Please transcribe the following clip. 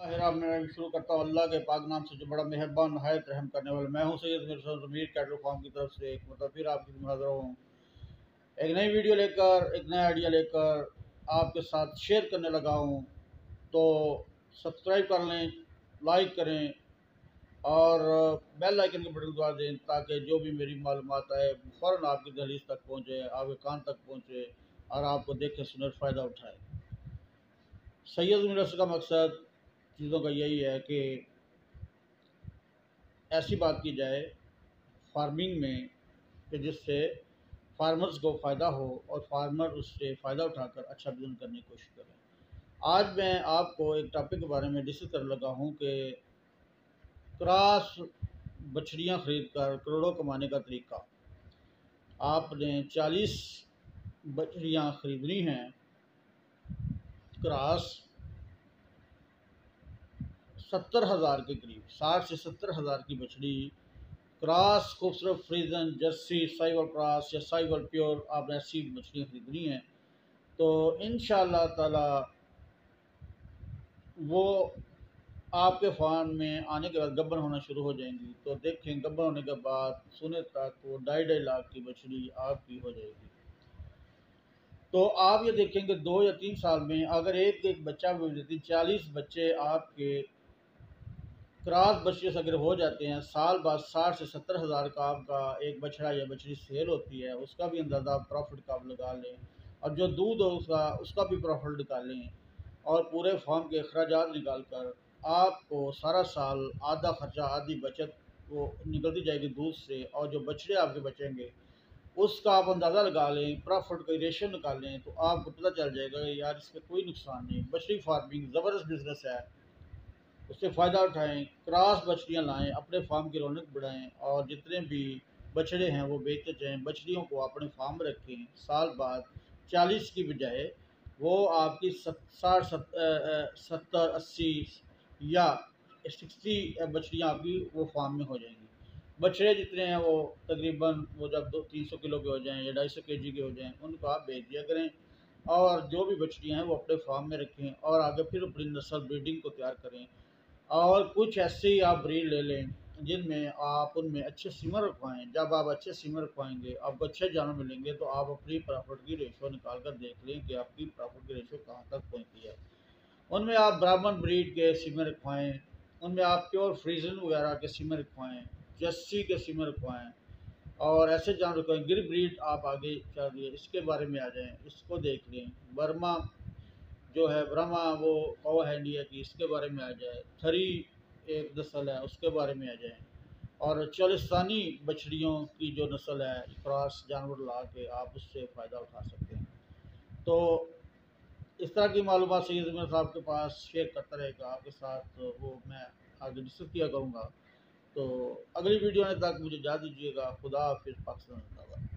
मैं शुरू करता हूँ अल्लाह के पाक नाम से जो बड़ा मेहरबान नहायत रहम करने वाला मैं हूँ सैयद मिर्जा जमीर कैटल फॉर्म की तरफ से एक मतलब फिर आपकी हाजिर हूँ एक नई वीडियो लेकर एक नया आइडिया लेकर आपके साथ शेयर करने लगा हूँ तो सब्सक्राइब कर लें लाइक करें और बेल आइकन के बटन दबा दें ताकि जो भी मेरी मालूम आए फ़ौर आपकी दहलीज तक पहुँचे आपके कान तक पहुँचे और आपको देखें सुनर फ़ायदा उठाए सैयद मिर्स का मकसद चीज़ों का यही है कि ऐसी बात की जाए फार्मिंग में कि जिससे फार्मर्स को फ़ायदा हो और फार्मर उससे फ़ायदा उठाकर अच्छा बिजनेस करने की कोशिश करें आज मैं आपको एक टॉपिक के बारे में डिस्कस कर लगा हूँ कि क्रॉस बछड़ियाँ ख़रीद कर करोड़ों कमाने का तरीका आपने 40 बछड़ियाँ ख़रीदनी हैं क्रॉस सत्तर हज़ार के करीब साठ से सत्तर हज़ार की बछड़ी क्रॉस खूबसूरत फ्रीजन जर्सी साइबर क्रॉस या साइबर प्योर आपने ऐसी मछलियाँ ख़रीदनी हैं तो इन ताला वो आपके फार्म में आने के बाद गब्बन होना शुरू हो जाएंगी तो देखें गब्बन होने के बाद सुने तक वो ढाई ढाई लाख की मछली आपकी हो जाएगी तो आप ये देखेंगे दो या तीन साल में अगर एक एक बच्चा चालीस बच्चे आपके क्रॉस बच्चे अगर हो जाते हैं साल बाद साठ से सत्तर हज़ार का आपका एक बछड़ा या बछड़ी सेल होती है उसका भी अंदाज़ा प्रॉफिट का आप लगा लें और जो दूध हो उसका उसका भी प्रॉफिट निकालें और पूरे फॉर्म के अखराज निकाल कर आपको सारा साल आधा खर्चा आधी बचत वो निकलती जाएगी दूध से और जो बछड़े आपके बचेंगे उसका आप अंदाज़ा लगा लें प्रॉफिट का निकाल निकालें तो आपको पता चल जाएगा यार इसका कोई नुकसान नहीं बछड़ी फार्मिंग ज़बरदस्त बिजनेस है उससे फ़ायदा उठाएं क्रास बछड़ियाँ लाएं अपने फार्म की रौनक बढ़ाएं और जितने भी बछड़े हैं वो बेचते जाएं बछड़ियों को अपने फार्म रखें साल बाद चालीस की बजाय वो आपकी साठ सत्तर अस्सी या सिक्सटी बछड़ियाँ आपकी वो फार्म में हो जाएंगी बछड़े जितने हैं वो तकरीबन वो जब दो तीन सौ किलो के हो जाएं या ढाई सौ के जी के हो जाएं उनको आप बेच दिया करें और जो भी बछड़ियाँ हैं वो अपने फार्म में रखें और आगे फिर अपनी नस्ल ब्रीडिंग को तैयार करें और कुछ ऐसे ही आप ब्रीड ले लें जिनमें आप उनमें अच्छे सिमर रखवाएँ जब आप अच्छे सिमर रखवाएंगे आपको अच्छे जानवर मिलेंगे तो आप अपनी प्रॉफिट की रेशो निकाल कर देख लें कि आपकी प्रॉफिट की रेशो कहाँ तक पहुँची है उनमें आप ब्राह्मण ब्रीड के सिमर रखवाएँ उनमें आप प्योर फ्रीजन वगैरह के सिमर रखवाएँ जस्सी के सिमर रखवाएँ और ऐसे जानवर रखवाएँ गिर ब्रीड आप आगे चल दिए इसके बारे में आ जाएँ इसको देख लें बर्मा जो है ब्रह्मा वो कौ है की इसके बारे में आ जाए थरी एक नस्ल है उसके बारे में आ जाए और चालिस्तानी बछड़ियों की जो नस्ल है क्रॉस जानवर ला के आप उससे फ़ायदा उठा सकते हैं तो इस तरह की मालूम सैद उमर साहब के पास शेयर करता रहेगा आपके साथ वो मैं आगे डिस्कस किया करूँगा तो अगली वीडियो में तक मुझे जा दीजिएगा खुदा हाफिज़ पाकिस्तान